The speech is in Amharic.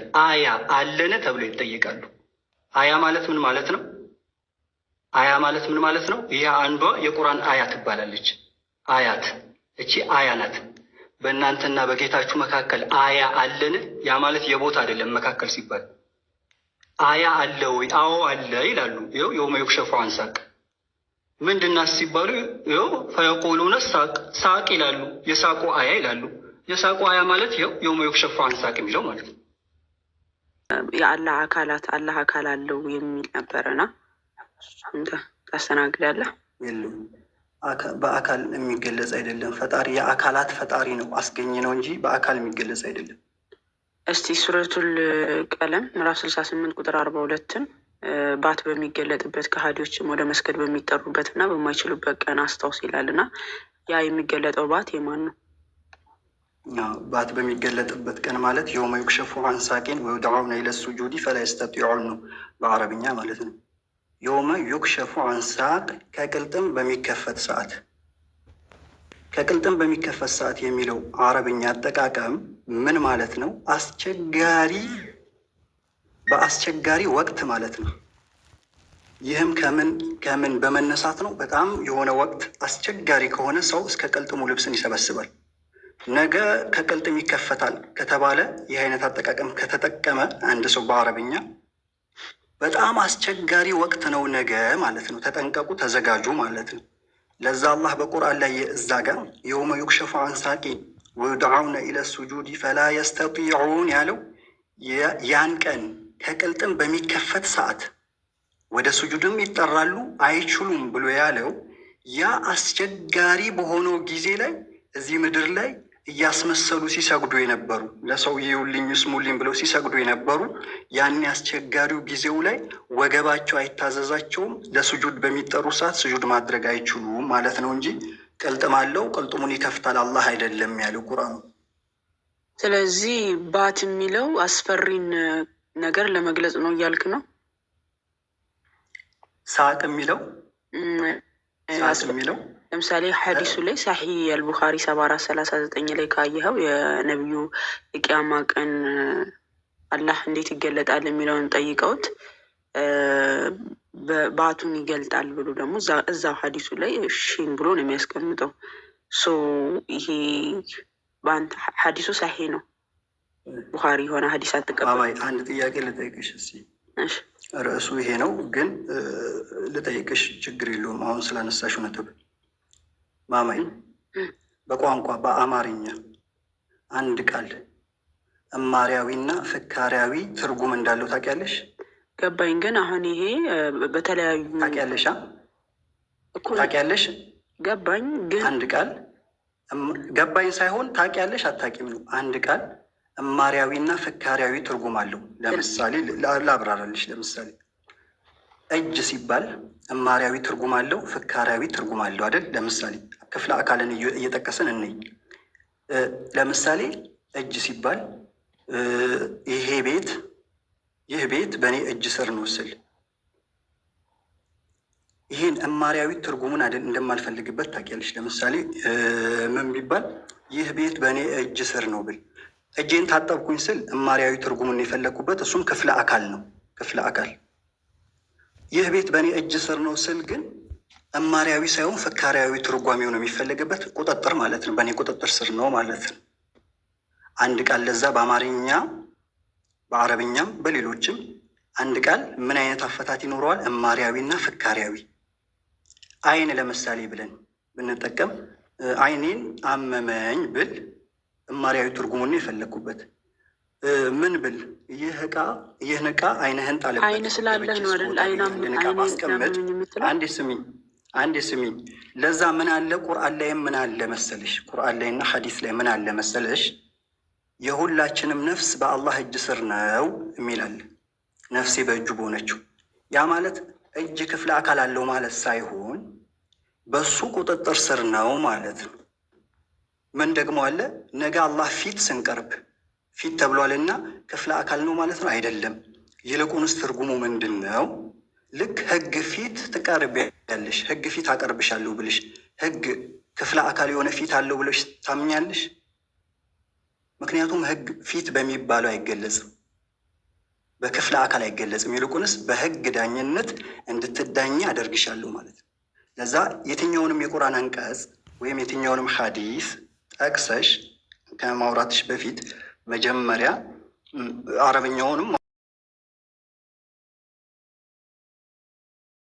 ይጠየቃል። አያ አለነ ተብሎ ይጠየቃሉ። አያ ማለት ምን ማለት ነው? አያ ማለት ምን ማለት ነው? ይህ አንዷ የቁርአን አያ ትባላለች። አያት እቺ አያ ናት። በእናንተና በጌታችሁ መካከል አያ አለን። ያ ማለት የቦታ አይደለም። መካከል ሲባል አያ አለ ወይ? አዎ አለ ይላሉ። ይኸው የውመ ዩክሸፉ ዐን ሳቅ ምንድናስ ሲባሉ ይኸው ፈየቁሉነ ሳቅ ሳቅ ይላሉ። የሳቁ አያ ይላሉ። የሳቁ አያ ማለት ይኸው የውመ ዩክሸፉ ዐን ሳቅ የሚለው ማለት ነው። የአላህ አካላት አላህ አካል አለው የሚል ነበረና ታስተናግዳለህ። የለም በአካል የሚገለጽ አይደለም። ፈጣሪ የአካላት ፈጣሪ ነው አስገኝ ነው እንጂ በአካል የሚገለጽ አይደለም። እስቲ ሱረቱል ቀለም ምዕራፍ ስልሳ ስምንት ቁጥር አርባ ሁለትን ባት በሚገለጥበት ከሀዲዎችም ወደ መስገድ በሚጠሩበት እና በማይችሉበት ቀን አስታውስ ይላል እና ያ የሚገለጠው ባት የማን ነው? ባት በሚገለጥበት ቀን ማለት የውመ ዩክሸፉ አን ሳቂን ወዩድዑነ ኢለ ሱጁድ ፈላ የስተጢዑን ነው በአረብኛ ማለት ነው። የውመ ዩክሸፉ አን ሳቅ ከቅልጥም በሚከፈት ሰዓት ከቅልጥም በሚከፈት ሰዓት የሚለው አረብኛ አጠቃቀም ምን ማለት ነው? አስቸጋሪ በአስቸጋሪ ወቅት ማለት ነው። ይህም ከምን ከምን በመነሳት ነው? በጣም የሆነ ወቅት አስቸጋሪ ከሆነ ሰው እስከ ቅልጥሙ ልብስን ይሰበስባል። ነገ ከቅልጥም ይከፈታል ከተባለ ይህ አይነት አጠቃቀም ከተጠቀመ አንድ ሰው በአረብኛ በጣም አስቸጋሪ ወቅት ነው ነገ ማለት ነው። ተጠንቀቁ፣ ተዘጋጁ ማለት ነው። ለዛ አላህ በቁርአን ላይ እዛ ጋር የውመ ዩክሸፉ አንሳቂ ሳቂን ኢለ ሱጁድ ፈላ የስተጢዑን ያለው ያን ቀን ከቅልጥም በሚከፈት ሰዓት ወደ ሱጁድም ይጠራሉ አይችሉም ብሎ ያለው ያ አስቸጋሪ በሆነው ጊዜ ላይ እዚህ ምድር ላይ እያስመሰሉ ሲሰግዱ የነበሩ ለሰው ይዩልኝ ስሙልኝ ብለው ሲሰግዱ የነበሩ ያን አስቸጋሪው ጊዜው ላይ ወገባቸው አይታዘዛቸውም። ለስጁድ በሚጠሩ ሰዓት ስጁድ ማድረግ አይችሉም ማለት ነው እንጂ ቅልጥም አለው፣ ቅልጥሙን ይከፍታል አላህ አይደለም ያለው ቁርአኑ። ስለዚህ ባት የሚለው አስፈሪን ነገር ለመግለጽ ነው እያልክ ነው። ሳቅ የሚለው ሳቅ የሚለው ለምሳሌ ሀዲሱ ላይ ሳሒ አልቡኻሪ ሰባ አራት ሰላሳ ዘጠኝ ላይ ካየኸው የነቢዩ የቅያማ ቀን አላህ እንዴት ይገለጣል የሚለውን ጠይቀውት በአቱን ይገልጣል ብሎ ደግሞ እዛው ሀዲሱ ላይ ሺን ብሎ ነው የሚያስቀምጠው። ይሄ በአንተ ሀዲሱ ሳሄ ነው፣ ቡኻሪ የሆነ ሀዲስ አትቀበል። አንድ ጥያቄ ልጠይቅሽ ርዕሱ ይሄ ነው ግን ልጠይቅሽ፣ ችግር የለውም አሁን ስላነሳሽ ነጥብ ማማይ በቋንቋ በአማርኛ አንድ ቃል እማሪያዊና ፍካሪያዊ ትርጉም እንዳለው ታውቂያለሽ? ገባኝ። ግን አሁን ይሄ በተለያዩ ታውቂያለሽ ታውቂያለሽ? ገባኝ። ግን አንድ ቃል ገባኝ ሳይሆን ታውቂያለሽ አታውቂም ነው። አንድ ቃል እማሪያዊና ፍካሪያዊ ትርጉም አለው። ለምሳሌ ላብራራልሽ። ለምሳሌ እጅ ሲባል እማሪያዊ ትርጉም አለው፣ ፍካሪያዊ ትርጉም አለው አይደል? ለምሳሌ ክፍለ አካልን እየጠቀስን እንይ። ለምሳሌ እጅ ሲባል ይሄ ቤት ይህ ቤት በእኔ እጅ ስር ነው ስል ይህን እማሪያዊ ትርጉሙን እንደማልፈልግበት ታውቂያለሽ። ለምሳሌ ምን ቢባል ይህ ቤት በእኔ እጅ ስር ነው ብል እጄን ታጠብኩኝ ስል እማሪያዊ ትርጉሙን የፈለግኩበት እሱም ክፍለ አካል ነው። ክፍለ አካል ይህ ቤት በእኔ እጅ ስር ነው ስል ግን እማሪያዊ ሳይሆን ፍካሪያዊ ትርጓሜው ነው የሚፈለግበት። ቁጥጥር ማለት ነው። በእኔ ቁጥጥር ስር ነው ማለት ነው። አንድ ቃል ለዛ በአማርኛ በአረብኛም በሌሎችም አንድ ቃል ምን አይነት አፈታት ይኖረዋል? እማሪያዊ እና ፍካሪያዊ። አይን ለምሳሌ ብለን ብንጠቀም አይኔን አመመኝ ብል እማሪያዊ ትርጉሙን የፈለግኩበት ምን ብል ይህ እቃ ይህን እቃ አይንህን ጣልበት። አይን ስላለህ ነው አይደል? አንዴ ስሚኝ አንዴ ስሚኝ። ለዛ ምን አለ ቁርአን ላይ ምን አለ መሰለሽ? ቁርአን ላይና ሐዲስ ላይ ምን አለ መሰለሽ? የሁላችንም ነፍስ በአላህ እጅ ስር ነው የሚላል። ነፍሴ በእጁ በሆነችው ያ ማለት እጅ ክፍለ አካል አለው ማለት ሳይሆን በሱ ቁጥጥር ስር ነው ማለት ነው። ምን ደግሞ አለ? ነገ አላህ ፊት ስንቀርብ ፊት ተብሏልና ክፍለ አካል ነው ማለት ነው አይደለም። ይልቁንስ ትርጉሙ ምንድን ነው? ልክ ህግ ፊት ትቀርቢያለሽ፣ ህግ ፊት አቀርብሻለሁ ብልሽ ህግ ክፍለ አካል የሆነ ፊት አለው ብለሽ ታምኛለሽ? ምክንያቱም ህግ ፊት በሚባለው አይገለጽም፣ በክፍለ አካል አይገለጽም። ይልቁንስ በህግ ዳኝነት እንድትዳኝ አደርግሻለሁ ማለት ነው። ለዛ የትኛውንም የቁርአን አንቀጽ ወይም የትኛውንም ሀዲስ ጠቅሰሽ ከማውራትሽ በፊት መጀመሪያ አረብኛውንም